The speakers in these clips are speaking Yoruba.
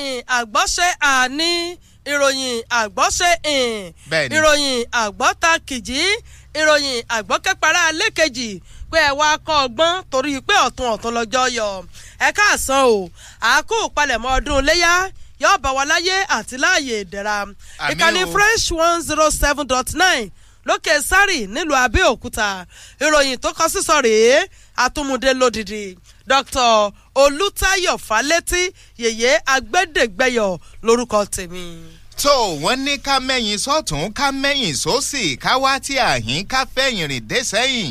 ìròyìn àgbọ́ṣe àní ìròyìn àgbọ́ṣe ìn ìròyìn àgbọ́ta kìjì ìròyìn àgbọ́kẹ́para lẹ́kẹ̀jì pé ẹ wá kọ́ ọgbọ́n torí pé ọ̀tún ọ̀tún lọ́jọ́ yọ ẹ káàsán o àákú palẹ̀mọ́ ọdún léyà yóò bá wa láyé àti láàyè ìdẹ̀ra ìkànnì fresh one zero oh seven dot nine lókè sárì nílùú abẹ́òkúta ìròyìn tó kọ sísọ rèé àtúmùdé lódìdí dr olùtayọ̀ falẹ́tí yèyé agbẹ́dẹ̀gbẹ́yọ̀ lórúkọ tèmi tó wọ́n ní ká mẹ́yìn sọ́tún ká mẹ́yìn sósì ká wá tí àhín ká fẹ́yìn rìn dé sẹ́yìn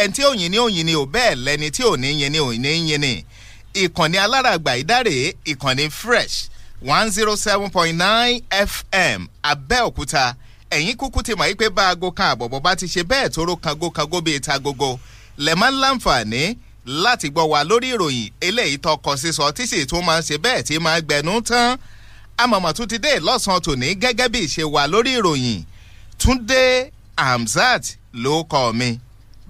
ẹni tí òyìn ní òyìn ni ò bẹ́ẹ̀ lẹ́ni tí ò ní yin ni ò ní yin ni ìkànnì aláràgbà ìdárè ìkànnì fresh one zero oh seven point nine fm abẹ́òkúta ẹ̀yìn kúkú ti mọ̀ yí pé bá aago kan àbọ̀bọ̀ bá ti ṣe bẹ́ẹ̀ tóró kango kango bíi ta gogo lẹ́ẹ̀ láǹfààní láti gbọ́ wa lórí ìròyìn eléyìí tọkọ sísọ tí sì tún máa ń ṣe bẹ́ẹ̀ tí máa gbẹnu tán amọ̀mọ̀ tún ti dé lọ́sàn-án tòní gẹ́gẹ́ bí ìṣe wa lórí ìròyìn Túndé Hamzat ló kọ́ mi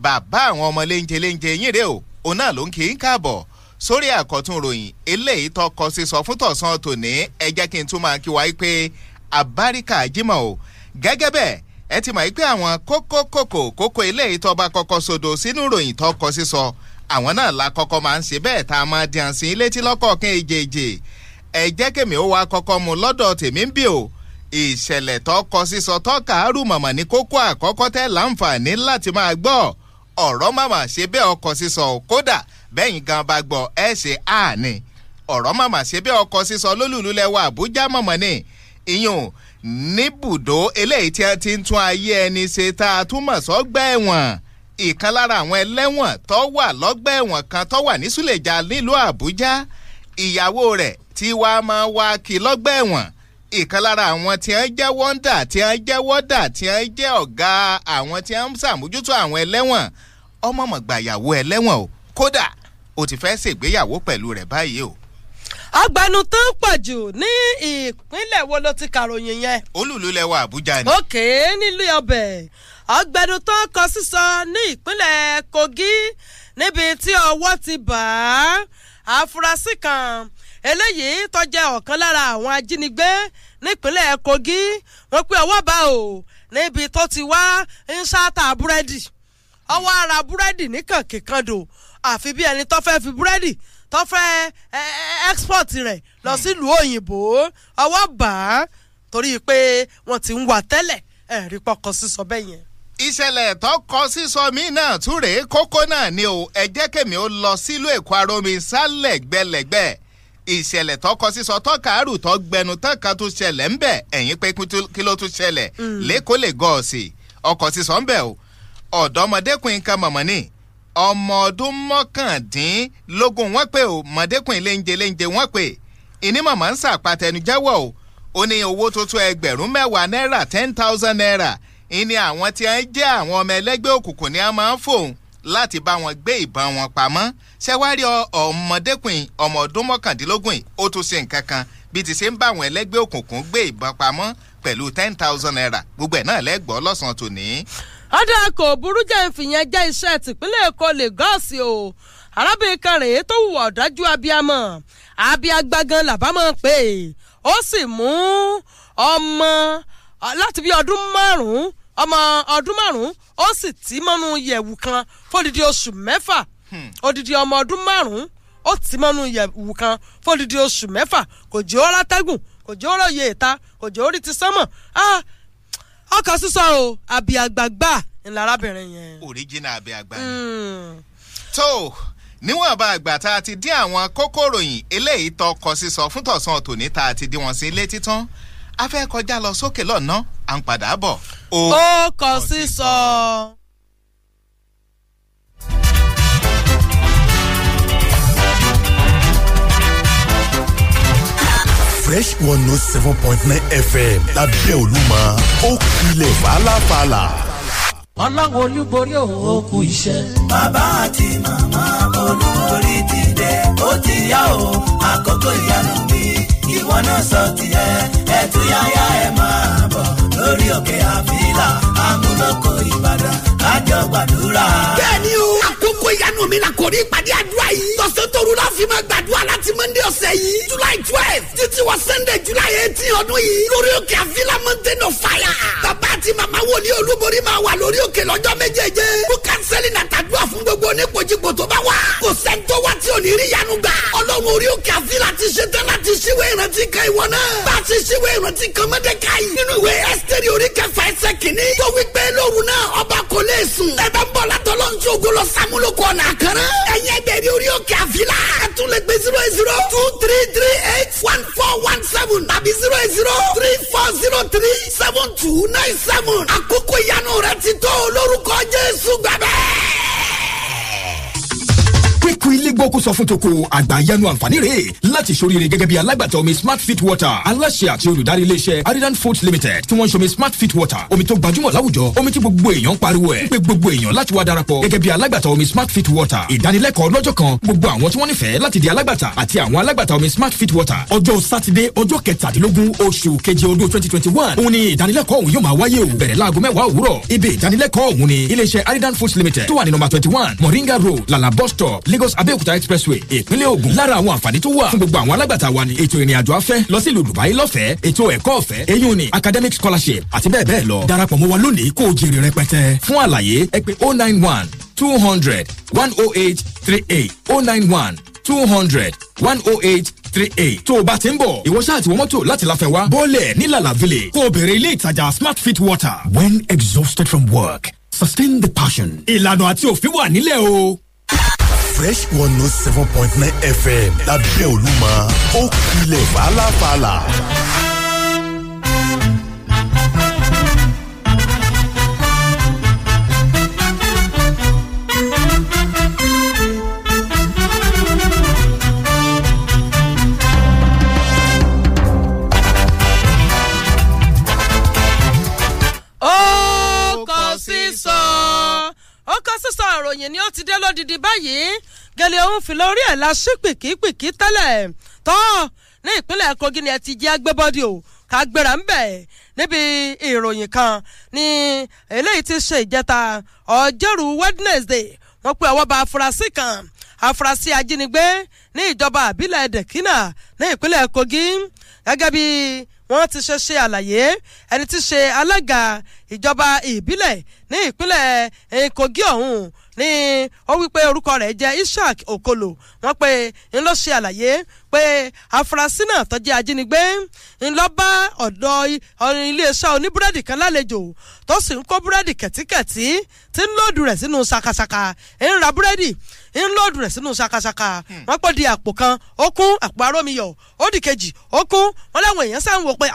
bàbá àwọn ọmọ léńjẹ léńjẹ yín rèé o òun náà ló ń kí í káàbọ̀ sórí àkọ́tún ròyìn eléyìí tọkọ sísọ fún tọ̀sán tòní ẹ jẹ́ kí n tún máa kí wa pé àbáríkà Jímọ̀ o gẹ́gẹ́ bẹ́ẹ̀ ẹ ti mọ̀ pé àwọn kókó kòkó kókó eléyìí tó bá kọ́kọ́ sínú ròyìn tọkọ sísọ so àwọn náà la kọ́kọ́ máa ń ṣe bẹ́ẹ̀ tá a máa di àǹsí létí lọ́kọ̀ọ̀kan èjèèjì ẹ jẹ́ kèmí ó wá kọ́kọ́ mu lọ́dọ̀ tèmi ń bì o ìṣẹ̀lẹ̀ tọkọ sísọ tọ́ka àrùn màmá ní kókó àkọ́kọ́ tẹ́ láǹfààní láti máa gbọ́ ọ̀rọ̀ màmá ṣe bẹ́ẹ̀ ọkọ sísọ kódà bẹ́yìn gan bá gbọ́ ẹ ṣe àní ọ̀rọ̀ màmá ṣe bẹ́ẹ̀ ọkọ sísọ lólùlú lẹ́wọ̀ àbújá màmá ní ìyún níbùdó eléyìí tí a ti ń tún ayé ẹni ṣe tá a túmọ̀ sọ́gbà ẹ̀wọ̀n ìkan lára àwọn ẹlẹ́wọ̀n tó wà lọ́gbà ẹ̀wọ̀n kan tó wà ní Suleja nílùú Àbújá ìyàwó rẹ̀ tí wàá máa wá kí lọ́gbà ẹ̀wọ̀n ìkan lára àwọn tí wọ́n jẹ́ wọ́ndà tí wọ́n jẹ́ wọ́dà tí wọ́n jẹ́ ọ̀gá àwọn tí wọ́n ń ṣàmójútó àwọn ẹlẹ́wọ̀n ọmọ mọ̀gbà ẹlẹ́wọ̀n o kódà o ti fẹ́ ṣègbéyàwó pẹ̀lú rẹ̀ báyìí o. agbanután pọ̀jù ní ìpínlẹ̀ wo ló ti kàròyìn yẹn. olúlulẹ̀ wa Àbújá ni. òkè nílùú ọbẹ̀ ọ̀gbẹ́dùn tó ń kọ sísọ ní ìpínlẹ̀ Kogi níbi tí ọwọ́ ti bà á àfúrásì kan eléyìí tó jẹ́ ọ̀kan lára àwọn ajínigbé nípínlẹ̀ Kogi wọ́n pé ọwọ́ bá o níbi tó ti wá ń ṣáàtà búrẹ́dì ọwọ́ ara búrẹ́dì ní kànkìkandò àfi bí ẹni tó fẹ́ fi búrẹ́dì tó fẹ́ export rẹ̀ lọ hmm. sílùú òyìnbó ọwọ́ bá a torí pé wọ́n ti ń wà tẹ́lẹ̀ ẹ̀rí pọkàn sísọ bẹ́ẹ̀ yẹn ìṣẹ̀lẹ̀ tó kọ sísọ mí náà túrè kókó náà ni o ẹ jẹ́ kèmí ó lọ sílùú èkó aromi sálẹ̀ gbẹlẹ̀gbẹ́ ìṣẹ̀lẹ̀ tó kọ sísọ tó kàárù tó gbẹnu tán kan tó ṣẹlẹ̀ ń bẹ̀ ẹ̀yìn pé kí ló tún ṣẹlẹ̀ mm. lẹ́kọ́ lè gọ̀ ọ̀sì ọkọ̀ sísọ ń bẹ̀ o ọ̀dọ́mọdékùnrin kan mọ̀mọ́ ni ọmọ ọdún mọ́kàndínlógún wọ́n pè o mọ̀dékùnrin léńjẹ léńjẹ wọ́n pè ìní mọ̀mọ́ ń sàpàtẹnujẹ́wọ̀ o ó ní owó tó ten thousand naira ìní àwọn tí wọ́n jẹ́ àwọn ọmọ ẹlẹ́gbẹ́ òkùnkùn ni wọ́n máa ń fòun láti bá wọn gbé ìbọn wọn pamọ́ ṣẹ́wárí ọmọdékùnrin ọmọ ọdún mọ́kàndínlógún ó tún ṣe nǹkan kan bí ti ṣe ń bá àwọn ẹlẹ́gbẹ́ òkùnkùn gbé ìbọn pamọ́ pẹ̀lú ten thousand naira gbogbo ẹ̀ náà lẹ́gbọ̀ọ́ lọ́sàn-án tòní. ọ̀dà kò burú jẹ́ ìfìyẹn jẹ́ iṣẹ́ tìpínlẹ̀ èkó lagos o arábìnrin kan rèé tó hùwà ọ̀dájú abiyamọ abiagbagan làbámọ̀ pé ó sì mú ọmọ láti bí ọdún márùn ọmọ ọdún márùn-ún ó sì tí mọ́nú yẹ̀wù kan fódìdí oṣù mẹ́fà hmm. odidi ọmọ ọdún márùn-ún ó ti mọ́nú yẹ̀wù kan fódìdí oṣù mẹ́fà kò jẹ́ ó látẹ́gùn kò jẹ́ ó ròyè ìta kò jẹ́ ó ti sánmọ̀ ọkọ̀ sísọ o àbí àgbààgbà ńlá yẹn. original àbí àgbà ni. Hmm. tó níwọ̀nba àgbà tá a ti dín àwọn kókó ròyìn eléyìí tọkọ sísọ fún tọ̀sán tòní tá a ti dín wọn sí létí tán a kọjá lọ sókè lọ́nà à ń padà bọ̀. ó kọ sísọ. fresh one note oh seven point nine fm lábẹ́ olúmọ ó kilẹ̀ fàlàfàlà. ọlọ́run olúborí òun ó kú iṣẹ́. bàbá àti màmá olúborí ti ó ti yá o àkókò ìyanu mi ìwọ náà sọ ti yá yáyá ẹ máa bọ̀ lórí òkè àfílà àmúlòkọ Ìbàdàn kájọ gbàdúrà. bẹ́ẹ̀ o nínú mi la kò ní ìpàdé àdúrà yìí. tọ̀sán tóru la fi máa gbàdúrà láti monday ọ̀sẹ̀ yìí july twelve títí wọ sunday july eighteen ọdún yìí lórí òkè àfilà mountain of fire. bàbá àti màmá wòlíì olúborí máa wà lórí òkè lọ́jọ́ méjèèjì. fún kánsẹ́lì nàtàdúrà fún gbogbo oníkojúgbò tó bá wà. kò sẹ́ńtọ́ wá tí ò ní rí yanu gbà. ọlọ́run orí òkè àfilà ti ṣe tán láti ṣíwé ìrántí kan ìwọ náà. bá a ti ṣíwé ìrántí kan mọ́dẹ́káyì. nínú ìwé ẹ́sítẹ́rì orí kẹfà ẹsẹ̀ kìíní. tó wípé lóru náà ọba kò lè sùn. ẹ bá ń bọ̀ látọ̀ lọ́nṣogo lọ sàmúlò àkàrà ẹ̀yẹ bẹ̀rẹ̀ orí òkè àfilà ẹ̀tún lè gbé zero eight zero two three three eight one four one seven tàbí zero zero three four zero three seven two nine seven àkókò ìyanu rẹ ti tó lórúkọ Jésù gbàgbẹ́. gbókù sọ fún toko àgbàyanu àǹfààní rẹ̀ láti ṣoríire gẹ́gẹ́ bí alágbàtà omi smart fit water aláṣẹ àti olùdarí iléeṣẹ́ aridan foods limited tí wọ́n ń ṣomi smart fit water omi tó gbajúmọ̀ láwùjọ omi tí gbogbo èèyàn pariwo ẹ̀ pé gbogbo èèyàn láti wá darapọ̀ gẹ́gẹ́ bí alágbàtà omi smart fit water ìdánilẹ́kọ̀ọ́ lọ́jọ́ kan gbogbo àwọn tí wọ́n nífẹ̀ẹ́ láti di alágbàtà àti àwọn alágbàtà omi smart fit water ọjọ́ sátidé ọjọ́ kẹtàdínlógún oṣù keje ọdún twenty twenty one òun ni ìdánilẹ́kọ̀ọ́ òun yóò máa wáyé o bẹ̀rẹ̀ láago mẹ́wàá òwúrọ̀ ibi ìdánilẹ́kọ̀ọ́ foods limited tó wà ní moringa road lala bus lagos abẹ́òkúta delta expressway ìpínlẹ̀ Ògùn lára àwọn àǹfààní tó wà fún gbogbo àwọn alágbàtà wa ni ètò ìrìnàjò afẹ́ lọ sí ìlú Dubai lọ́fẹ̀ẹ́ ètò ẹ̀kọ́ ọ̀fẹ́ eyín ni academic scholarship àti bẹ́ẹ̀ bẹ́ẹ̀ lọ darapọ̀ mọ́ wa lónìí kó o jèrè rẹpẹtẹ fún àlàyé ẹ pè 091 200 108 38 three eight. tó o bá ti ń bọ̀ ìwọ ṣáà ti wọ mọ́tò láti láfẹ́ wá bọ́ọ̀lẹ̀ ní lala village kó o bèrè ilé ìtajà smart fit water. when exhausted from work sustain the passion. ìlànà àti òfin wà nílẹ̀ o fresh one note oh seven point nine fm lábẹ́ Olúmọ ó kulẹ̀ fàlàfàlà. sísọ ìròyìn ni ó ti dé lódìdí báyìí gẹ̀lẹ́ òun fìlà orí ẹ̀ la sí pìkìpìkì tẹ́lẹ̀ ní kogi ni ẹ kan eléyìí ti ṣe ìjẹta wednesday kan afurasí ajínigbé ní ìjọba àbílẹ̀ ní ìpínlẹ̀ kogi wọ́n ti ṣe ṣe àlàyé ẹni tí ṣe alága ìjọba ìbílẹ̀ ní ìpínlẹ̀ eh, kogi ọ̀hún ní ó wípé orúkọ rẹ̀ jẹ́ ishaq okolo wọ́n pe ń lọ ṣe àlàyé pé afurasí náà tó jẹ́ ajínigbé ń lọ bá ọ̀dọ̀ iléeṣẹ́ oníbúrẹ́dì kan lálejò tó sì ń kó búrẹ́dì kẹ̀tíkẹ̀tí tí ń lòdù rẹ̀ sínú ṣakaṣaka ń ra búrẹ́dì ń lòdù rẹ̀ sínú ṣakaṣaka hmm. wọ́n pọ̀ di àpò kan ó kún àpò arómiyọ̀ ó di kejì ó kún wọ́n láwọn èèyàn sáà ń wò pé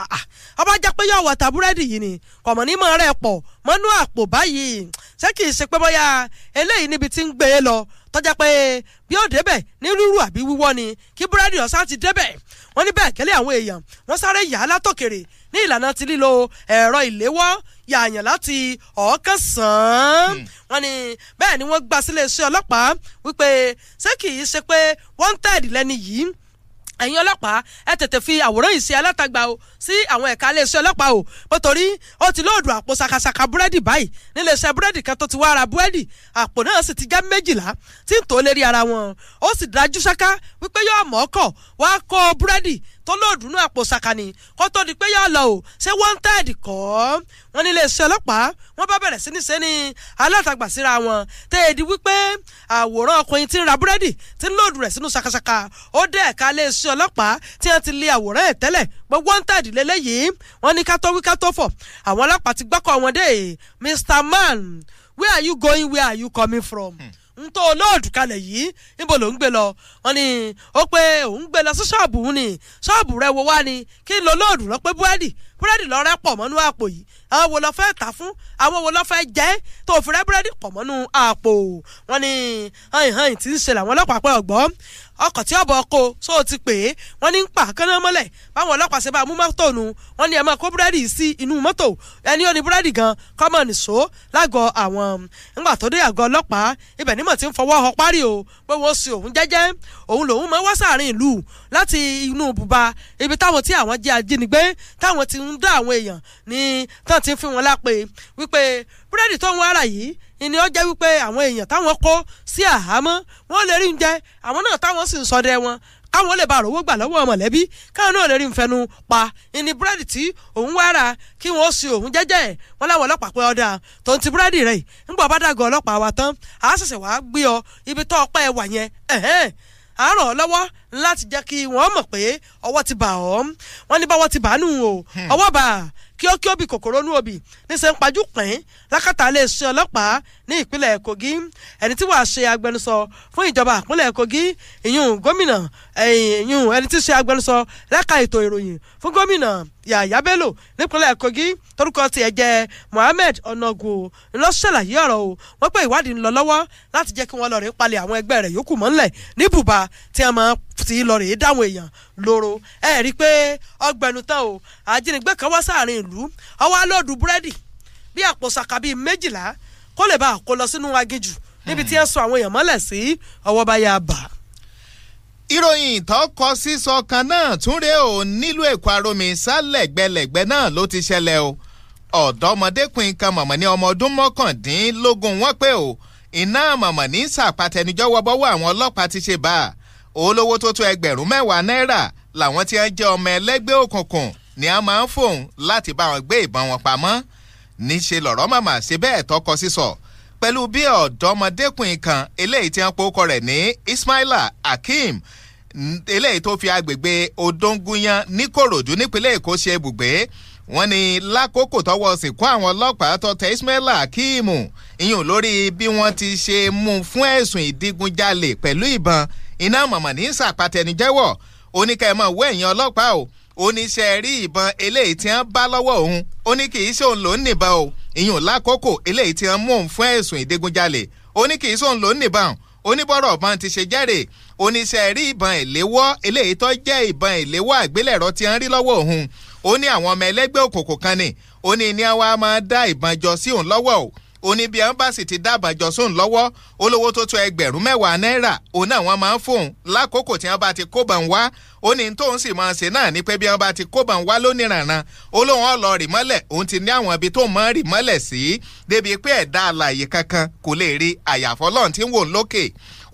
ọba jẹ́ pé yọ̀ wọ̀ta búrẹ́dì yìí ni kọ̀mọ̀ ní mọ̀ rẹ̀ pọ̀ mọ́nú àpò báyìí ṣé kìí ṣe pé bóyá eléyìí níbi tí ń gbé e lọ tọ́jà pé bí ó débẹ̀ ní rúrú àbí wíwọ́ ni kí búrẹ́dì ọ̀sán ti débẹ̀ wọ́n ní bẹ́ẹ̀ kẹ́lẹ́ àwọn èèyàn wọ́n sáré yà látòkèrè ní ìlànà ti lílo ẹ̀rọ ìléwọ́ yààyàn láti ọ̀ọ́kànsán hmm. wọ́n ní bẹ́ẹ̀ ni wọ́n gbà sílé iṣẹ́ ọlọ́pàá wípé ṣé kì í ṣe pé wanted lẹ́ni yìí ẹ̀yin ọlọ́pàá ẹ tètè fi àwòrán yìí sí alátagbà o sí àwọn ẹ̀ka iléeṣẹ́ ọlọ́pàá o nítorí ó ti lóòdù àpò ṣàkàṣàkà búrẹ́dì báyìí níléeṣẹ́ búrẹ́dì kan tó ti wá ara búrẹ́dì àpò náà sì ti já méjìlá tí ń tó lérí ara wọn ó sì dájú ṣáká wípé yóò mọ̀ ọ́ wá kó búrẹ́dì tó lóòdù ní àpò sàkàní kó tó di pé yóò lọ o ṣé wanted kọ́ wọn ní iléeṣẹ́ ọlọ́pàá wọn bá bẹ̀rẹ̀ sí ní sẹ́ni alátagbà síra wọn tẹ́ẹ̀dì wípé àwòrán ọkùnrin tí ń ra búrẹ́dì tí ń lóòdù rẹ̀ sínú ṣakaṣaka ó dé ẹ̀ka iléeṣẹ́ ọlọ́pàá tí wọ́n ti lé àwòrán ẹ̀ tẹ́lẹ̀ pé wanted lélẹ́yìí wọ́n ní kátó wí kátó fọ̀ àwọn ọlọ́pàá ti gbọ́kọ̀ wọn dé Mr. Man where are you going where are you coming from. Hmm ń tó olóòdù kalẹ̀ yìí níbo ló ń gbé lọ wọn ni ó pé òun gbé lọ sí ṣọ́ọ̀bù ni ṣọ́ọ̀bù rẹ wo wá ni kí n lo olóòdù lọ pé búrẹ́dì búrẹ́dì lọ́rẹ́ pọ̀ mọ́nú àpò yìí àwọn wo lọ fẹ́ tà fún àwọn wo lọ fẹ́ jẹ́ tó fi rẹ́ búrẹ́dì pọ̀ mọ́nú àpò wọn ni hàn hàn tí ń ṣe làwọn ọlọ́pàá pẹ́ ọ̀gbọ́n ọkọ̀ tí ọ̀bọ̀ kó so ti pè é wọ́n ní ń pa kánná mọ́lẹ̀ báwọn ọlọ́pàá ṣe bá mú mọ́tò nu wọ́n ní ẹ máa kó búrẹ́dì sí inú mọ́tò ẹni ó ní búrẹ́dì gan kọ́mọ̀ so lágọ̀ọ́ àwọn ńgbà tó dé àgọ́ ọlọ́pàá ibẹ̀ nímọ̀ tí ń fọwọ́ ọ parí o pé wọ́n sin òun jẹ́jẹ́ òun lòun máa wá sáàrin ìlú láti inú bùbá ibi táwọn tí àwọn jẹ́ ajínigbé táwọn ti ń ń dá àwọn èèyàn ní tán ti fi wọn lápè wípé búrẹ́dì tó ń wá rà yìí ìní ó wípé àwọn èèyàn táwọn kó sí àhámọ́ wọ́n lè rí oúnjẹ àwọn náà táwọn sì ń sọdẹ wọn káwọn lè bá rówó gbà lọ́wọ́ mọ̀lẹ́bí káwọn náà lè rí nfẹnu pa ìní búrẹ́dì tí òun wá rà kí wọ́n sì òun jẹ́jẹ́ wọn láwọn ọlọ́pàá pé ọ̀dà tó ń ti búrẹ́dì rẹ̀ ńgbọ́ bá dàgọ́ ọlọ́pàá wa tán àá ṣẹ̀ṣẹ̀ wá gbé ọ ibi tó ọpẹ́ wà yẹn à ń ràn ọ́ lọ́wọ́ láti jẹ́ kí wọ́n mọ̀ pé ọwọ́ ti bà ọ́ wọ́n ní báwọ́ ti bà á nù o hmm. ọwọ́ bà á kí ó kí ó bì kòkòrò nú òbí níṣẹ́ ń pajú pín lákàtà iléeṣẹ́ ọlọ́pàá ní ìpínlẹ̀ kogi ẹni tí wàá ṣe agbẹnusọ fún ìjọba ìpínlẹ̀ kogi ìyún gómìnà ẹ̀yìn ẹni tí í ṣe agbẹnusọ lẹ́ka ètò ìròyìn fún gómìnà Yàyà Bello nípínlẹ̀ Kogi torúkọ tiẹ̀ jẹ́ Mohammed Onoguo ló ṣàlàyé ọ̀rọ̀ o wọ́n pé ìwádìí ń lọ lọ́wọ́ láti jẹ́ kí wọ́n lọ rèé palẹ̀ àwọn ẹgbẹ́ rẹ̀ yòókù mọ́lẹ̀ ní bùbá tí a máa ti lọ rèé dáwọn èèyàn lóró ẹ rí i pé ọgbẹ̀nu tán o ajínigbé kan wá sáàrin ìlú ọwọ́ alóòdù búrẹ́dì bí àpò ṣàkà bíi méjìlá kó lè bá a kó lọ sínú aginjù níbi tí ẹ hmm. sọ àwọn èèyàn mọ́lẹ̀ sí ọwọ́ bá yà bà á ìròyìn tọkọ sísọ kan náà tún rèé o nílùú èkó arómi sálẹ̀gbẹ̀lẹ̀gbẹ̀ náà ló ti ṣẹlẹ̀ o ọ̀dọ́mọdékùnrin kan mọ̀mọ́ ní ọmọ ọdún mọ́kàndínlógún wọ́n pé o iná mọ̀mọ́ ní sàpàtẹnijọ́wọ́ bọ́wọ́ àwọn ọlọ́pàá ti ṣe bá a olówó tó tó ẹgbẹ̀rún mẹ́wàá náírà làwọn tí wọ́n jẹ́ ọmọ ẹlẹ́gbẹ́ òkùnkùn ni a máa ń fòun láti bá wọn gbé ìbọn wọn pamọ́ níṣe lọ̀rọ̀ màmá ṣe bẹ́ẹ̀ tọkọ sísọ so pẹ̀lú bí ọ̀dọ́mọdékùnrin kan eléyìí tí wọ́n pe orúkọ rẹ̀ ní Ismaila Akeem eléyìí tó fi agbègbè Odóńgúnyán níkòròdú nípínlẹ̀ Èkó ṣe ibùgbé wọ́n ní lákòókò tọ́wọ́ sìnkú àwọn ọlọ́pàá tó tẹ Ismaila Akeem ìyún lórí bí wọ́n ti ṣe mú un fún ẹ̀sùn ìdígunjalè pẹ̀lú ìbọn iná mọ̀mọ́ ní sàpàtẹnijẹ́wọ̀ oníkẹ́mọ̀ wọ ẹ̀yìn ọlọ́pàá o oníṣẹ́ rí ìbọn eléyìí tí wọ́n bá lọ́wọ́ òun ó ní kì í ṣe òun lòún nìbọn o ìyún lákòókò eléyìí tí wọ́n mú òun fún ẹ̀sùn ìdígunjalè ó ní kì í sóun ló ń níbọn ó ní bọ́rọ̀ ọ̀bọ̀n ti ṣe jẹ́rè ó ní ṣe rí ìbọn ìléwọ́ eléyìí tó jẹ́ ìbọn ìléwọ́ àgbélẹ̀rọ tí wọ́n rí lọ́wọ́ òun ó ní àwọn ọmọ ẹlẹ́gbẹ́ òkòkò kan ni ó ní ní àwa máa dá ìbọn jọ sí òun lọ́wọ́ o ó ní bí ẹmbàsì ti dábàá jọ sóun lọ́wọ́ olówó tó tó ẹgbẹ̀rún mẹ́wàá náírà òun náà wọ́n máa ń fóun lákòókò tí wọ́n bá ti kó bá ń wá ó ní tóun sì máa ṣe náà ni pé bí wọ́n bá ti kó bá ń wá lóníranran ó lóun ọ̀lọ́ rì mọ́lẹ̀ òun ti ní àwọn ibi tó mọ́ rì mọ́lẹ̀ sí débi pé ẹ̀dá alààyè kankan kò lè rí àyàfọ́ lọ́n tí ń wò lókè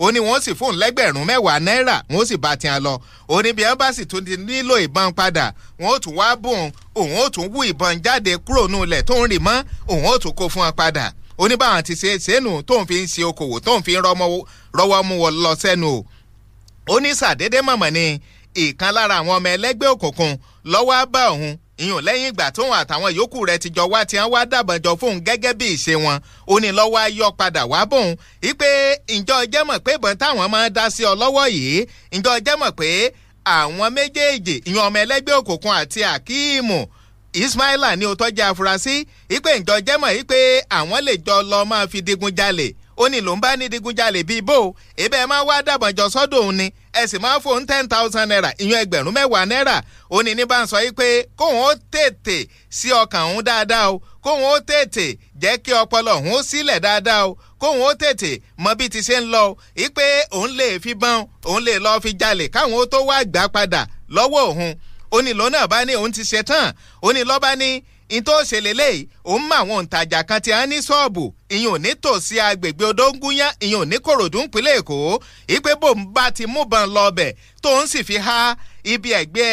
ó ní wọ́n sì fóun lẹ́gbẹ̀rún mẹ́wàá náírà wọ́n sì bá tiẹ̀ lọ ó ní bí ẹmbàsì ti nílò ìbọn padà wọ́n ó tún wá bùn òun ó tún wú ìbọn jáde kúrò nù ilẹ̀ tó ń rì mọ́ òun ó tún kó fún wọn padà oníbàrán ti ṣe sẹ́nu tóun fi ń ṣe okòwò tóun fi ń rọwọ́ mú wọn lọ sẹ́nu o ó ní sàdédé mọ̀mọ́ ni ìkan lára àwọn ọmọ ẹlẹ́gbẹ́ òkùnkùn lọ́wọ́ bá òun ìyún lẹ́yìn ìgbà tóun àtàwọn yòókù rẹ̀ ti jọ wá tí wọ́n wá dàbọn jọ fóun gẹ́gẹ́ bí ìṣe wọn ó ní lọ́wọ́ ayọ́ padà wá bóun wípé ǹjọ́ jẹ́ mọ̀ pé ìbọn táwọn máa ń dá sí ọ lọ́wọ́ yìí ǹjọ́ jẹ́ mọ̀ pé àwọn méjèèjì ìyún ọmọ ẹlẹ́gbẹ́ òkùnkùn àti àkíìmù Ismaila ní o tọ́jú afurasí ipe ìjọ jẹ́mọ̀ ipe àwọn lè jọ lọ máa fi digun jalè ó ní ló ń bá ní digun jalè bíi bò ó máa wá dàbọ̀n jọ sọ́dọ̀ òun ni ẹ sì máa fóun ten thousand naira ìyẹn ẹgbẹ̀rún mẹ́wàá náírà ó ní ní bá ń sọ yìí pé kóun ó tètè sí ọkàn òun dáadáa o kóun ó tètè jẹ́ kí ọpọlọ òun ó sílẹ̀ dáadáa o kóun ó tètè mọ bí ti ṣe ń lọ o òun lè fi bán òun lè lọ́ọ́ fi jalè káwọn ó tó wá gbà padà lọ́wọ́ òun ó ní lọ́nà bá ní òun ti ṣe tán ó ní lọ́ba ní ìtò òṣèlélẹ̀ yìí òun mọ àwọn òǹtajà kan tí a ní ṣọ́ọ̀bù ìyẹn ò ní tòsí agbègbè odóńgúnyán ìyẹn ò ní kòròdú ńpínlẹ̀ èkó ìpè bò ń bá ti múbọn lọ ọbẹ̀ tó ń sì fi ha ibi ẹ̀gbẹ́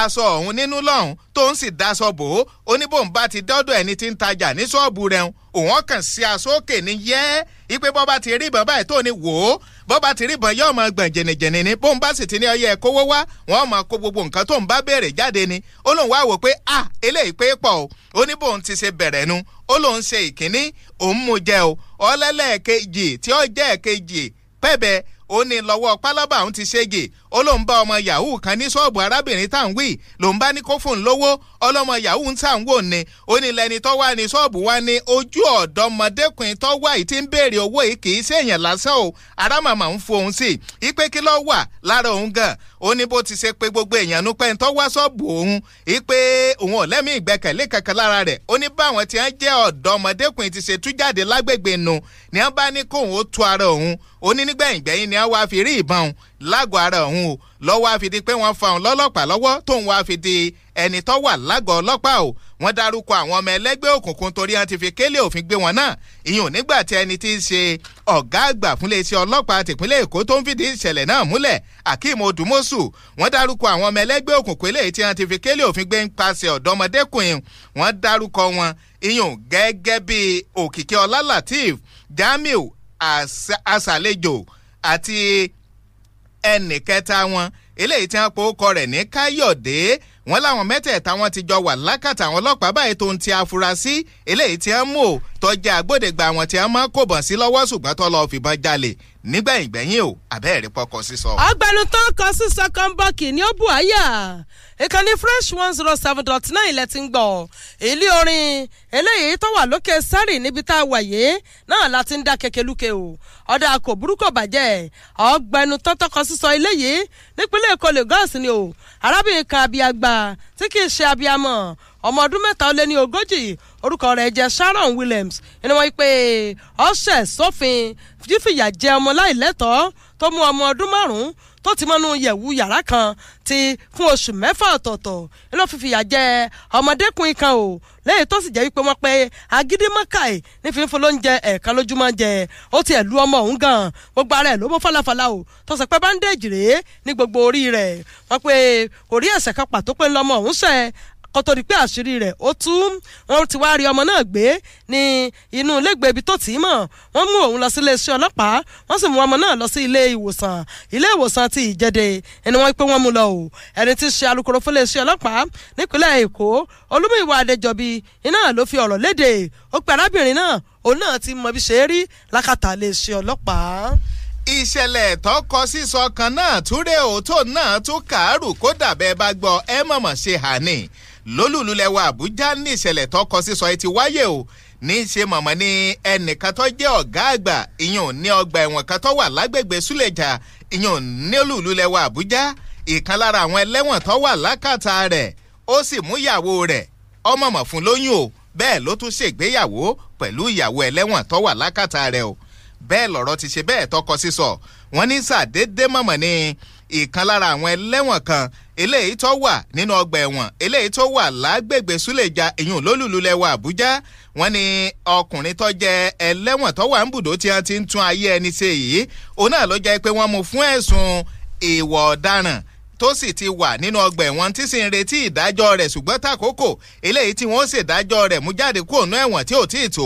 aṣọ ọ̀hún nínú lọ́hùn tó ń sì daṣọ bò ó ó ń bá ti dọ́dọ̀ ẹni tí ń tajà ní ṣọ́ọ̀bù rẹ̀ òun ọkàn sí aṣọ òkè ní yẹ́ ìpè bọ́ bá ti rí ìbọn báyìí tó ní wò ó bó bá ti rí ìbọn yóò máa gbọ̀n jẹ̀nìjẹ̀nì ni bóun bá sì ti ní ọyẹ ẹ̀ kówó wá wọ́n máa kó gbogbo nǹkan tóun bá béèrè jáde ni ó lóun wá wò pé à eléyìí pé pọ̀ o ó ní bóun ti ṣe bẹ̀rẹ̀ nu ó lóun ṣe ìkíní òun mú jẹ o ọlẹ́lẹ́ẹ̀kejì tí ó jẹ́ ẹ̀kejì pẹ́bẹ́ ó ní lọ́wọ́ pálábà òun ti ṣe jì ó lóun bá ọmọ yahoo kan ní ṣọ́ọ̀bù arábìnrin tá à ń wí lòun bá ní kó fóun lówó ọlọ́mọ yahoo ń tà ń wò ni ó ní lẹni tó wà ní ṣọ́ọ̀bù wa ní ojú ọ̀dọ́mọdékùnrin tó wà yìí ti ń béèrè owó yìí kì í ṣèyàn lásán o arámàmà ń fohùn sí i ipe kí ló wà lára òun gan ó ní bó ti ṣe pé gbogbo èèyàn nu pẹ́ ń wá ṣọ́ọ̀bù òun ipe òun ò lẹ́mìí ìgbẹ́kẹ̀lé kankan lára rẹ̀ ó ní báwọn ti ń jẹ́ ọ̀dọ́mọdékùnrin ti ṣe tú lágbègbè nu ni wọ́n bá ní kóun ó tu ara òun ó ní nígbẹ̀yìngbẹ̀yìn ni wọ́n wá fi rí ìbọn òun lágọ̀ ara òun o lọ́wọ́ àfìdí pé wọ́n fa òun lọ́lọ́pàá lọ́wọ́ tóun wá fìdí ẹni tó wà lágọ̀ ọlọ́pàá o wọ́n dárúkọ àwọn ọmọ ẹlẹ́gbẹ́ òkùnkùn torí wọ́n ti fi kélé òfin gbé wọn náà ìyẹn nígbà tí ẹni tí í ṣe ọ̀gá àgbà fúnléeṣẹ́ ọlọ́pàá tìpínlẹ̀ Èkó tó ń fìdí ìṣẹ̀lẹ̀ náà múlẹ̀ Akeem Odumosu wọ́n dárúkọ àwọn ọmọ ẹlẹ́gbẹ́ òkùnkùn eléyìí tí wọ́n ti fi kélé òfin gbé nípasẹ̀ ọ̀dọ́mọdékùnrin wọ́n dárúkọ wọn ìyẹn gẹ́gẹ́ bíi Òkìkí Ọlá Lateef Jamiu Asalejo àti ẹnì kẹta wọn eléyìí tí wọ́n po orúkọ rẹ̀ ní káyọ̀dé wọ́n láwọn mẹ́tẹ̀ẹ̀ta wọn ti jọ wà lákàtà àwọn ọlọ́pàá báyìí tó ń ti afurasí eléyìí tí wọ́n mú o tọ́jà agbódegbà wọn tí wọ́n máa kó bọ̀ sí lọ́wọ́ ṣùgbọ́n tó lọ́ọ́ fìbọn jalè nígbẹ̀yìngbẹ̀yìn o àbẹ́ẹ̀rí pọkọ sísọ. ọgbẹnu tó ń kọ sísọ kan bọkì ni ó bù áyà ìkànnì fresh one zero seven dot nine lẹ ti ń gbọ́ ilé orin eléyìí tó wà lókè sẹ́rì níbi tá a wà yìí náà la ti ń dá kekeluke o ọ̀dà kò burúkọ̀ bàjẹ́ ọ̀gbẹ́nu tọ́tọ́kọ sísọ ilé yìí nípínlẹ̀ èkó lagos ni o arábìnrin kan abiagba tí kì í ṣe abiamọ ọmọ ọdún mẹ́ta ó lé ní ogójì orúkọ rẹ̀ jẹ́ sharon williams ẹni wọ́n pe ọ̀sẹ̀ sófin fífìyà jẹ ọmọ láìlẹ́tọ̀ọ́ tó mú ọmọ ọdún márùn-ún tó ti mọ́nú yẹ̀wù yàrá kan ti fún oṣù mẹ́fà ọ̀tọ̀ọ̀tọ̀ ló fi fìyà jẹ ọmọdékùnrin kan o lẹ́yìn tó sì jẹ́ wípé wọ́n pe agídímọ́kàì nífi fún lóúnjẹ ẹ̀ẹ̀kan lójúmọ́ jẹ ó ti ẹ̀lú ọmọ òun gan gbogbo ara ẹ̀ ló bó falafala o tó sọ pé bandage rèé ní gbogbo orí rẹ̀ wọ́n pe kò rí ẹ̀sẹ̀ kan pàtó pé ńlọmọ òun sẹ́ kó tó di pé àṣírí rẹ̀ ó tú wọ́n ti wá rí ọmọ náà gbé ní inú ilégbèé ibi tó tì í mọ̀ wọ́n mú òun lọ sí iléeṣẹ́ ọlọ́pàá wọ́n sì mú ọmọ náà lọ sí ilé ìwòsàn ilé ìwòsàn ti ìjẹ́de ẹni wọ́n pé wọ́n mú lọ o ẹni tí í ṣe alukoro fún iléeṣẹ́ ọlọ́pàá nípínlẹ̀ èkó olúmúyìwá adéjọbí iná ló fi ọ̀rọ̀ léde ó pe arábìnrin náà òun náà ti mọ bí ṣe é rí lákàtà iléeṣẹ́ ọlọ́pàá ìṣẹ̀lẹ̀ tọkọ sísọ kan náà túrẹ́ òótọ́ náà tún kàárù kódà bẹ́ẹ̀ bá gbọ́ ẹ mọ̀mọ́ ṣe hàní lólùlù lẹwa àbújá ní ìṣẹ̀lẹ̀ tó kọ sísọ ẹ ti wáyé o ní í ṣe mọ̀mọ́ ni ẹnìkan tó jẹ́ ọ̀gá àgbà ìyẹn ní ọgbà ẹ̀wọ̀n kan tó wà lágbègbè súlẹ̀jà ìyẹn ní lùlù lẹwa àbújá ìkan lára àwọn ẹlẹ́wọ̀n tó wà lákàtà rẹ̀ ó sì mú ìyàwó rẹ̀ ọmọọmọ fún lóyún o bẹ́ẹ̀ ló tún ṣègbéyàwó pẹ̀lú ìyàwó ẹlẹ́wọ̀n tó wà lákàtà rẹ̀ o bẹ́ẹ̀ lọ̀rọ̀ ti ṣe bẹ́ẹ̀ tọkọ sísọ wọ́n ní sàdédé mọ̀mọ́ ni ìkan lára àwọn ẹlẹ́wọ̀n kan eléyìí tó wà nínú ọgbà ẹ̀wọ̀n eléyìí tó wà lágbègbè Súlẹ̀jà ìyún lólùlù lẹwà Àbújá wọ́n ní ọkùnrin tó jẹ́ ẹlẹ́wọ̀n tó wà ń bùdó tí wọ́n ti ń tún ayé ẹni ṣe yìí òun náà ló jẹ́ pé wọ́n mú fún ẹ̀sùn ìwà ọ̀daràn tó sì ti wà nínú ọgbà ẹ̀wọ̀n tí sì ń retí ìdájọ́ rẹ̀ ṣùgbọ́n tàkókò eléyìí tí wọ́n ṣèdájọ́ rẹ̀ mú jáde kúrò ní ẹ̀wọ̀n tí ò tí ì tó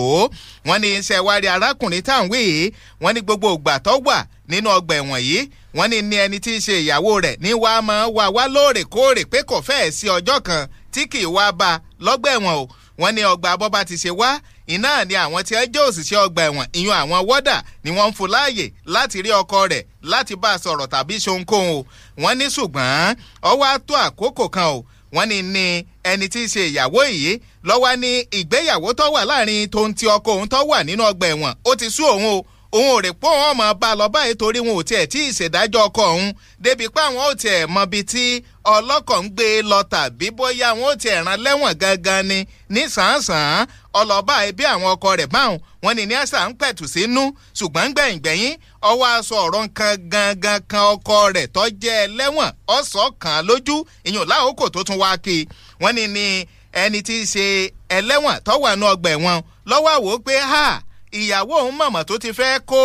wọ́n ní iṣẹ́ arákùnrin táwọn wí yìí wọ́n ní gbogbo ìgbà tó wà nínú ọgbà ẹ̀wọ̀n yìí wọ́n ní ní ẹni tí í ṣe ìyàwó rẹ̀ ní wàá máa wà wá lóòrèkóòrè pé kò fẹ́ẹ̀ sí ọjọ́ kan tí kì í wá bá a lọ́gbà ẹ̀wọ̀n o wọ́n ní ọgbà bọ́ba ti ṣe wá iná ni àwọn tí wọ́n jẹ́ òṣìṣẹ́ ọgbà ẹ̀wọ̀n ìyún àwọn wọ́dà ni wọ́n ń fún láàyè láti rí ọkọ rẹ̀ láti bá a sọ̀rọ̀ tàbí ṣohunkóhun o wọ́n ní ṣùgbọ́n ó wá àkókò kan o wọ́n ní ní ẹni tí í ṣe ìyàwó yìí ló ní ìgbéyàwó tó wà láàrin tòun ti ọkọ òun tó wà nínú ọgbà ẹ̀wọ̀n ó ti sú òun o òun ò rè pé wọn máa bá lọ báyìí torí wọn ò tiẹ̀ tí ìṣèdájọ́ ọkọ òun débi pé àwọn ò tiẹ̀ mọbi tí ọlọ́kọ̀ ń gbé e lọ tàbí bóyá wọn ò tiẹ̀ lẹwọn lẹ́wọ̀n gangan ni ní ọkọ rẹ̀ báwọn wọn ni ní àṣà ń pẹ̀tù sínú ṣùgbọ́n gbẹ̀yìngbẹ̀yìn ọwọ́ aṣọ ọ̀rọ̀ nǹkan gangan kan ọkọ rẹ̀ kan lójú lọ́wọ́ àwò pé ìyàwó òun mọ̀mọ́ tó ti fẹ́ kó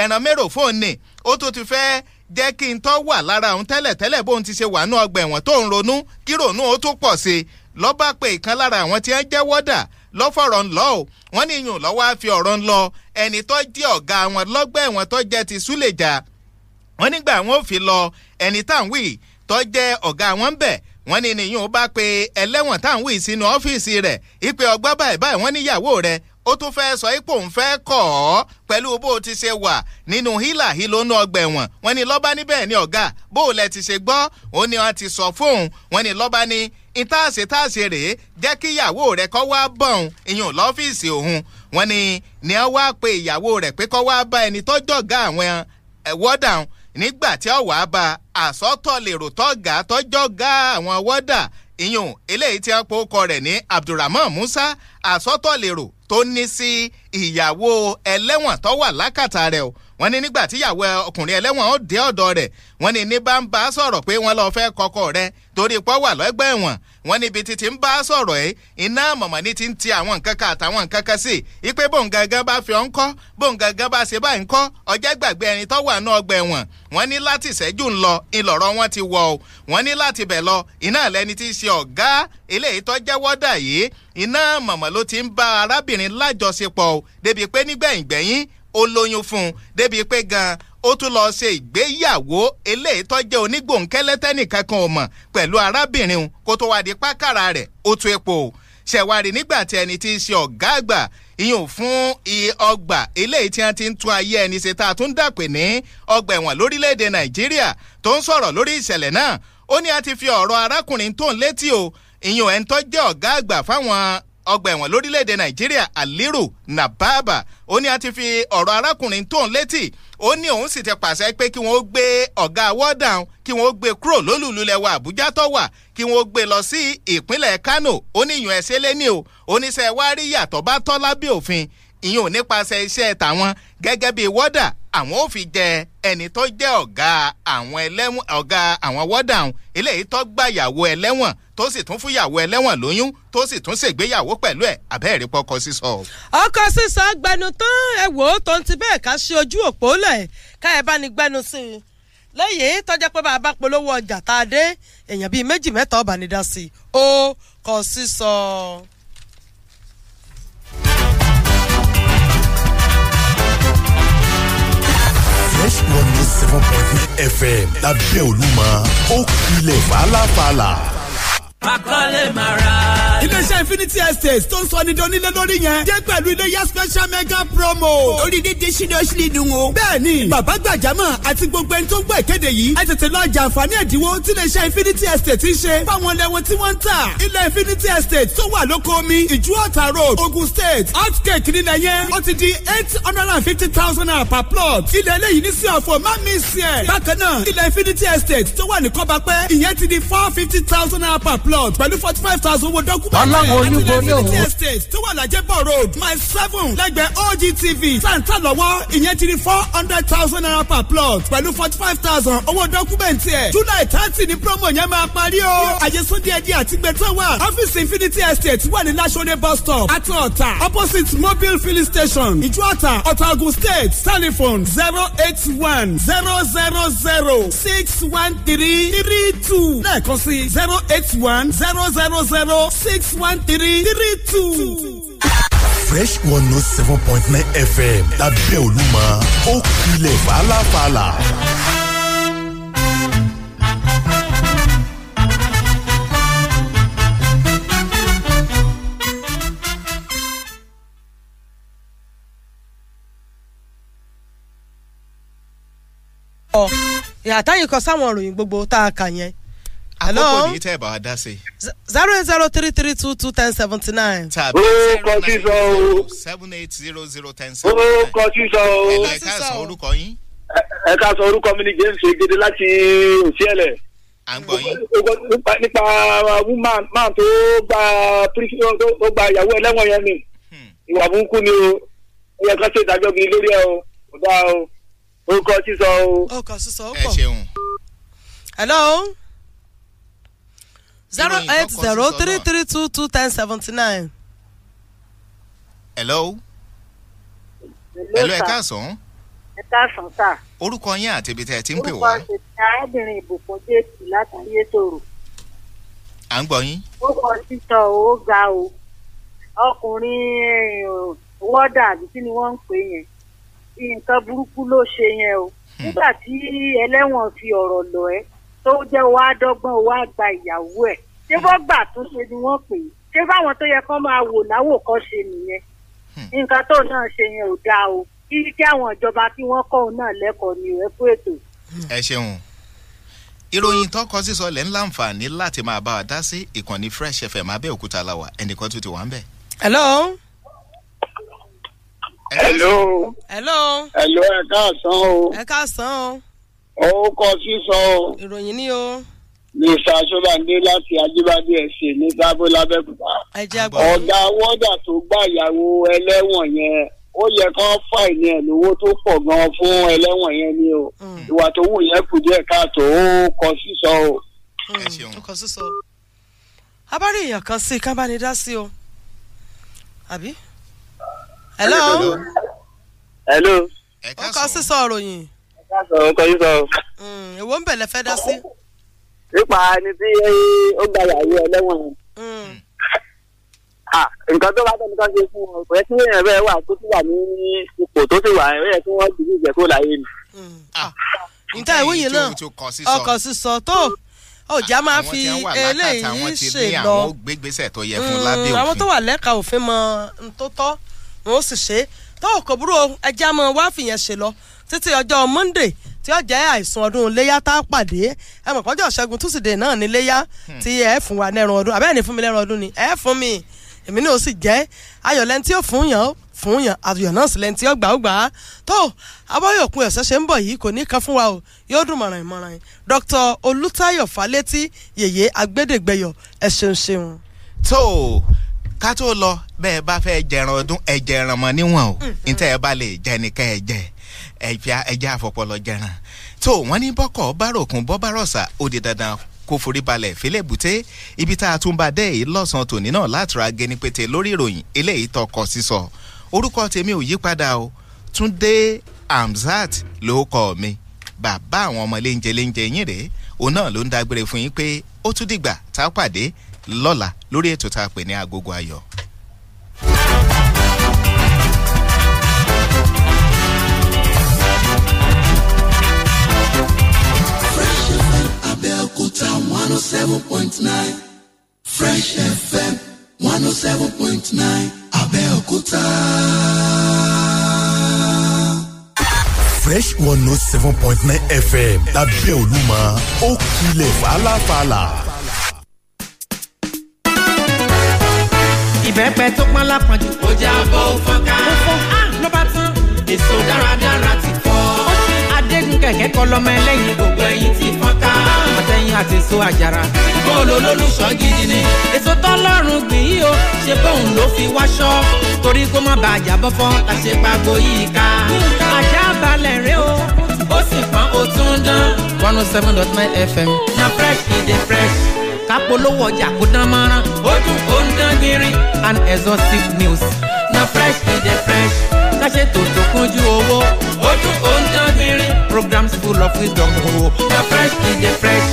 ẹran mérò fóun ni ó tó ti fẹ́ jẹ́ kí n tọ́ wà lára òun tẹ́lẹ̀tẹ́lẹ̀ bóun ti ṣe wà ní ọgbà ẹ̀wọ̀n tó ń ronú kí ronú ó tó pọ̀ sí i lọ́ba pé ìkan lára àwọn tí wọ́n jẹ́ wọ́dà lọ́fọ̀rọ̀ ńlọ o wọ́n ní iyùn lọ́wọ́ á fi ọ̀rọ̀ ńlọ ẹni tó jẹ́ ọ̀gá wọn lọ́gbà ẹ̀wọ̀n tó jẹ́ ti súlèjà wọ́n nígbà wọn ò fi lọ ẹni tá à ń wí tó jẹ́ ọ̀gá wọn bẹ̀ wọ́n ní nìyún bá pe ẹlẹ́wọ̀n tá sínú ọ́fíìsì rẹ̀ ìpè ọgbà báyìí báyìí wọ́n níyàwó rẹ̀ ó tún fẹ́ sọ ipò òun fẹ́ kọ̀ ọ́ pẹ̀lú bó o ti ṣe wà nínú hílà hílò ní ọgbà ẹ̀wọ̀n wọ́n ní lọ́ba níbẹ̀ ní ọ̀gá bó o lẹ ti ṣe gbọ́ ó ní wọn ti sọ fóun wọ́n ní lọ́ba ní ìtaàṣe táàṣe rèé jẹ́ kí ìyàwó rẹ̀ kọ́ wá bọ̀n ìyún lọ́fíìsì òun wọ́n ní ní ẹ wá pe ìyàwó rẹ̀ pé kọ́ wá bá ẹni tọ́jọ́ ga àwọn wọ́dà nígbà tí ọ̀wá bá àsọ̀tọ̀ lèrò tọ́gà tọ́jọ́ ga àwọn wọ́dà ìyún eléyìí tí a pò kọ rẹ̀ ní abdulrahman musa àsọtọ̀lérò tó ní sí ìyàwó ẹlẹ́wọ̀n tó wà lákàtà rẹ̀ o wọ́n ní nígbà tíyàwó ọkùnrin ẹlẹ́wọ̀n ó dé ọ̀dọ̀ rẹ̀ wọ́n ní ní bá ń bá sọ̀rọ̀ pé wọ́n lọ́ọ́ fẹ́ kọkọ rẹ̀ torí pọ́ wà lọ́gbẹ́ wọ́n níbi títí ń bá a sọ̀rọ̀ ẹ́ iná mọ̀mọ́ ní ti ń ti àwọn nǹkan kan àtàwọn nǹkan kan sí i pé bóun gangan bá fi ọ́n kọ́ bóun gangan bá ṣe báyìí ń kọ́ ọjọ́ gbàgbé ẹni tó wà ọgbà ẹ̀wọ̀n wọ́n ní láti ṣẹ́jú ń lọ ìlọ̀rọ̀ wọn ti wọ̀ ọ́ wọ́n ní láti bẹ̀ lọ iná lẹni tí í ṣe ọ̀gá eléyìí tó jẹ́wọ́ dà yìí iná mọ̀mọ́ ló ti ń bá arábìnrin lájọṣepọ̀ débi pé nígbẹ̀yìngbẹ̀yìn ó lóyún fún un débi pé gan ó tún lọ ṣe ìgbéyàwó eléyìí tó jẹ́ onígbòǹkẹ́lẹ́ tẹ́nìkan kan ò mọ̀ pẹ̀lú arábìnrin kó tó wá di pákàrà rẹ̀ ó tún epo ṣẹ̀wárí nígbà tí ẹni tí í ṣe ọ̀gá àgbà ìyún fún ọgbà eléyìí tí wọ́n ti ń tún ayé ẹni ṣe tá a tún dàpè ní ọgbà ẹ̀wọ̀n lórílẹ̀‐èdè nàìjíríà tó ń sọ̀rọ̀ lórí ìṣẹ̀lẹ̀ náà ó ní a ti fi ọ̀rọ̀ arákùnrin tó ń létí o ìyún ẹ̀ ń tọ́jú ọ̀gá àgbà fáwọn ọgbà ẹ̀wọ̀n lórílẹ̀‐èdè nàìjíríà aliru nababa ó ní a ti fi ọ̀rọ̀ arákùnrin tóun létí ó ní òun sì ti pàṣẹ pé kí wọ́n gbé ọ̀gá wọ́dàn kí wọ́n gbé kúrò lólùlù lẹ́wọ̀ àbújá tó wà kí wọ́n gbé lọ sí ìpínlẹ̀ kánò ó ní ìyún ẹ̀ṣẹ́ lẹ́ni o ó ní sẹ́ wá rí yàtọ̀ bá tọ́ lábẹ́ òfin ìyún ò nípasẹ̀ iṣẹ́ tàwọn gẹ́gẹ́ bíi wọ́dà àwọn ò fi jẹ ẹni tó jẹ́ ọ̀gá àwọn ẹlẹ́wọ̀n ọ̀gá àwọn wọ́dà eléyìí tó gbàyàwó ẹlẹ́wọ̀n tó sì tún fúyàwó ẹlẹ́wọ̀n lóyún tó sì tún ṣègbéyàwó pẹ̀lú ẹ̀ abẹ́ẹ̀rí pọkọ sísọ. ọkọ sísọ gbẹnu tán ẹ wò ó tó ń ti bẹ́ẹ̀ ká ṣe ojú òpó lẹ̀ ká ẹ bá ní gbẹnu sí i lẹ́yìn tọ́jà pé bàbá polówó ọjà tá a dé èèyàn bíi méjì mẹ́ta ọba ní sí i ó kọ sísọ. fresh one oh seven point nine fm lábẹ́ olúmọ ó kilẹ̀ fàlàfàlà. Macaulay Mara infinity estate tó ń sọ ní donílé lórí yẹn jẹ́ pẹ̀lú iléyà special mega promo. orí dídí seriously dùn o. bẹ́ẹ̀ni bàbá gbàjámọ̀ àti gbogbo ẹni tó ń gbọ́ ìkéde yìí ẹ tètè lọ jàǹfààní ẹ̀dínwó tí iléeṣẹ́ infinity estate ń ṣe fáwọn lẹ́wọ̀n tí wọ́n ń tà. ilé infinity estate tó wà lóko omi ìjú ọ̀tà road ogun state outcake nílẹ̀ yẹn ó ti di eight hundred and fifty thousand naira per plot. ilẹ̀ eléyìí ní sí ọ̀fọ̀ má mi sí ẹ̀. bákan náà ilé infinity estate tó wà ní kọ́bapẹ́ ìyẹn ti di four fifty thousand naira per plot pẹ̀lú forty five thousand owó dọ́kúmẹ́ntì olúborí o. tó wà lájẹ́bọ̀ road mile seven lẹ́gbẹ̀ẹ́ OGTV tàǹtà lọ́wọ́ ìyẹn ti ní four hundred thousand naira per plot pẹ̀lú forty five thousand owó dọ́kúmẹ̀ntì ẹ̀ july thirty ní promo yẹn máa parí o. àyè sunday ẹdí àti gbẹ̀tọ̀ wà ọ́fíìsì infinity estate wà ní lasore bus stop àti ọ̀tà opposite mobile filling station ìjọ ọ̀tà ọ̀tà state telephone zero eight one zero zero zero six one three three two lẹ́ẹ̀kan sí zero eight one zero zero zero six one three three two. fresh one note oh seven point nine fm lábẹ́ olúmọ ó kulẹ̀ fàlàfàlà. Oh àtàyè kan sáwọn òròyìn gbogbo tá a kà yẹn. àkókò ní tẹ́ ẹ̀ bá wa dá sí. zero eight zero three three two two ten seventy nine. tàbí zero nine zero seven eight zero zero ten seventy nine. orúkọ sísọ o. ẹ ká sọ orúkọ yín. ẹ sọ orúkọ mi ní james egede láti òsíẹ̀lẹ̀. à ń gbọ́ yín. nípa woman man tó gba tó gba ìyàwó ẹlẹ́wọ̀n yẹn ni hmm. ìwà burúkú ni o ó yẹ ṣe ìdájọ́ gidi lórí ẹ o kò o orúkọ sísọ o. orúkọ sísọ ó pọ̀. ẹ ṣeun. hello zero eight zero three three two two ten seventy nine. hello. hello ẹ káàsán. ẹ káàsán sà. orúkọ yín àti ibi tẹ́ ẹ ti ń pè wá. orúkọ ṣètì arábìnrin ìbùkún jésù látàyè tòrò. à ń gbọ́ yín. orúkọ sísọ o ga o ọkùnrin eh, wọ́dà àbí kí ni wọ́n ń pè yẹn nǹkan burúkú ló ṣe yẹn o hmm. nígbà tí ẹlẹ́wọ̀n fi ọ̀rọ̀ lọ ẹ́ tó jẹ́ wàá dọ́gbọ́n wàá gba ìyàwó ẹ̀ ṣé wọ́n hmm. gbà tó ṣe ni wọ́n pè é ṣé báwọn tó yẹ kán máa wò láwòkọ́ ṣe nìyẹn hmm. nǹkan tó náà ṣe yẹn ò dáa o kí kí àwọn ìjọba kí wọ́n kọ́ òun náà lẹ́kọ̀ọ́ ni ò ẹ kú ètò. ẹ ṣeun ìròyìn tọkọ sísọ lẹ́ ń láǹfààní láti máa bá wa dá sí ìkànnì fresh fm abẹ́òkúta la wà ẹnìkan tó ti wà ń bẹ̀. hello. hello hello. hello ẹ káàsán o. ẹ káàsán o. orúkọ sísọ o. ìròyìn ni o. mr aṣọ́bàdé láti ajíbádé ẹ̀sìn ní sábó lábẹ́kúta. ẹ jẹ́ àgbọ̀. ọ̀gá wọ́dà tó gbà ìyàwó ẹlẹ́wọ̀n yẹn ó yẹ kán fàìní ẹ̀ lówó tó pọ̀ gan fún ẹlẹ́wọ̀n yẹn ni o. Hmm. ìwà tó wù yẹn kù díẹ̀ káàtó ó kọ sísọ o. Hmm. ẹ ṣeun ó abárí èèyàn kan sí i ká bá ní dá sí o àbí. hello. hello hello. ẹ ká sọ ọkọ sísọ ròyìn. ẹ ká sọ ọkọ yìí sọ. èwo ń bẹ̀lẹ̀ fẹ́ dá sí. nípa ẹni tí ó gba ìyàwó ẹlẹ́wọ̀n mm. nǹkan tó bá tẹnu kan ṣe fún ọ pé kí èèyàn bẹ́ẹ̀ wà tó ti wà ní ipò tó ti wà ẹ̀ bẹ́ẹ̀ kí wọ́n dìbò ìjẹ́ kó láyé mi. níta ìwé yìí náà ọkọ̀ sísọ tó ọjà máa fi eléyìí ṣe lọ mm, àwọn tó wà lẹ́ka òfin mọ tó tọ́ wọn ó sì ṣe é tó kò burú ẹja mọ wá fìyẹn ṣe lọ títí ọjọ́ monday tí ó jẹ́ àìsùn ọdún iléyà tá a pàdé ẹ mọ̀ kọjọ́ ṣẹ́gun túsìdè náà ní hmm. tí ẹ fún wa lẹ́rùn ọdún àbẹ́ẹ̀ fún mi lẹ́rùn ọdún ni ẹ fún mi èmi náà ó sì jẹ́ ayọ̀ tí ó fún yàn fún yàn ayọ̀ náà sì lẹ́ni tí ó gbà ó gbà á tó abọ́yọ̀kun ẹ̀sẹ̀ ṣe ń bọ̀ yìí kò ní kan fún wa o yóò dùn mọ̀ràn ìmọ̀ràn yìí dr olùtayọ̀ falẹ́tí yèyé agbẹ́dẹ́gbẹ́yọ̀ ẹ̀ ṣeun ṣeun. tó o ká tó lọ bẹ́ẹ̀ bá fẹ́ jẹran ọdún ẹ̀jẹ̀ ìrànmọ́ níwọ̀n o mm-hmm. níta ẹ̀ bá lè jẹ nìkan ẹ̀jẹ̀ ẹ̀fíà ẹ̀jẹ̀ àfọpọlọ jẹran tó wọ́n ní bọ́kọ̀ bárokùn bọ́ bárọ̀sà ó di dandan kó forí balẹ̀ fẹlẹ́bùté ibi tá a tún bá dé èyí lọ́sàn-án tòní náà látara genipete lórí ìròyìn eléyìí tọkọ sísọ orúkọ tèmi ò yípadà o Túndé Amzat ló kọ mi bàbá àwọn ọmọ léńjẹ léńjẹ yín rèé òun náà ló ń dágbére fún yín pé ó tún dìgbà tá a pàdé lọ́la lórí ètò tá a pè ní agogo ayọ̀. Fresh FM Abẹ́òkúta one oh seven point nine Fresh FM one oh seven fresh one note oh seven point nine fm lábẹ́ olúmọ ó kilẹ̀ fàlàfàlà. ìbẹ́pẹ tó pọ́n lápọ̀jù. ó já bọ́ ó fọ́nká. ó fọ́n á ló bá tán. èso dáradára ti fọ́. ó ṣe adégún kẹ̀kẹ́ kọ lọ́mọ ẹlẹ́yin. gbogbo ẹyin ti fọ́nká. ọ̀tẹ̀yìn àti èso àjàrà. bóòlù olólùṣọ́ gidi ni. èso tọ́lọ́run gbìn yìí o ṣe bóun ló fi wáṣọ. torí kó má bàa jábọ́ fọ́ la ṣe pàgbo yìí ká. àjà balẹ̀ rẹ o. ó sì pọ́n ó tún dán. one oh seven dot nine fm. na fresh e dey fresh ká polówó ọjà kó dán mọ́rán. ó dùn ó ń dán gbinrin. an exhaustive news na fresh e dey fresh. ká ṣe tòótọ́ kúnjú owó. ó dùn ó ń dán gbinrin. programs full of wisdom o. na fresh e dey fresh.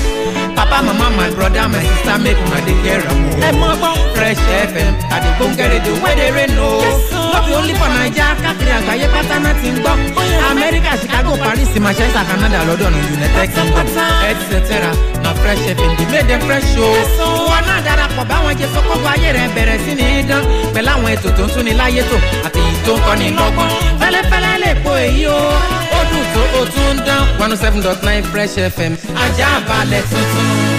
papa mama my brother my sister make una dey hear am o. ẹ mọ gbọ́ fresh fm àdìgbò ń kẹrẹ̀dẹ̀ wẹ́dẹ̀rẹ̀ nù. No. Yes. Not only for Naija, káàkiri àgbáyé pátá náà ti ń gbọ́. Amẹ́ríkà, Chicago, Paris, Manchester, Canada, London, United Kingdom, etc. Na fresh fm di méde fresh o. Wọ́n náà darapọ̀ báwọn jẹ sọ́kọ́kọ́ ayé rẹ̀ bẹ̀rẹ̀ sí ní dán. Pẹ̀lú àwọn ètò tó ń tún ni láyé tò àti èyí tó ń kọ́ ni lọ́gbọ́n. Fẹ́lẹ́fẹ́lẹ́ lè po èyí o. Ó dùn tó o tún dán. one oh seven dot nine fresh fm. Ajá balẹ̀ tuntun.